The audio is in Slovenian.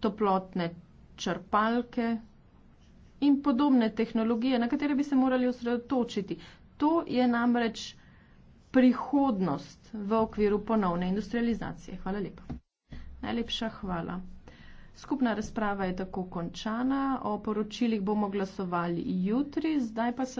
toplotne črpalke in podobne tehnologije, na katere bi se morali osredotočiti. To je namreč prihodnost v okviru ponovne industrializacije. Hvala lepa. Najlepša hvala. Skupna razprava je tako končana. O poročilih bomo glasovali jutri. Zdaj pa se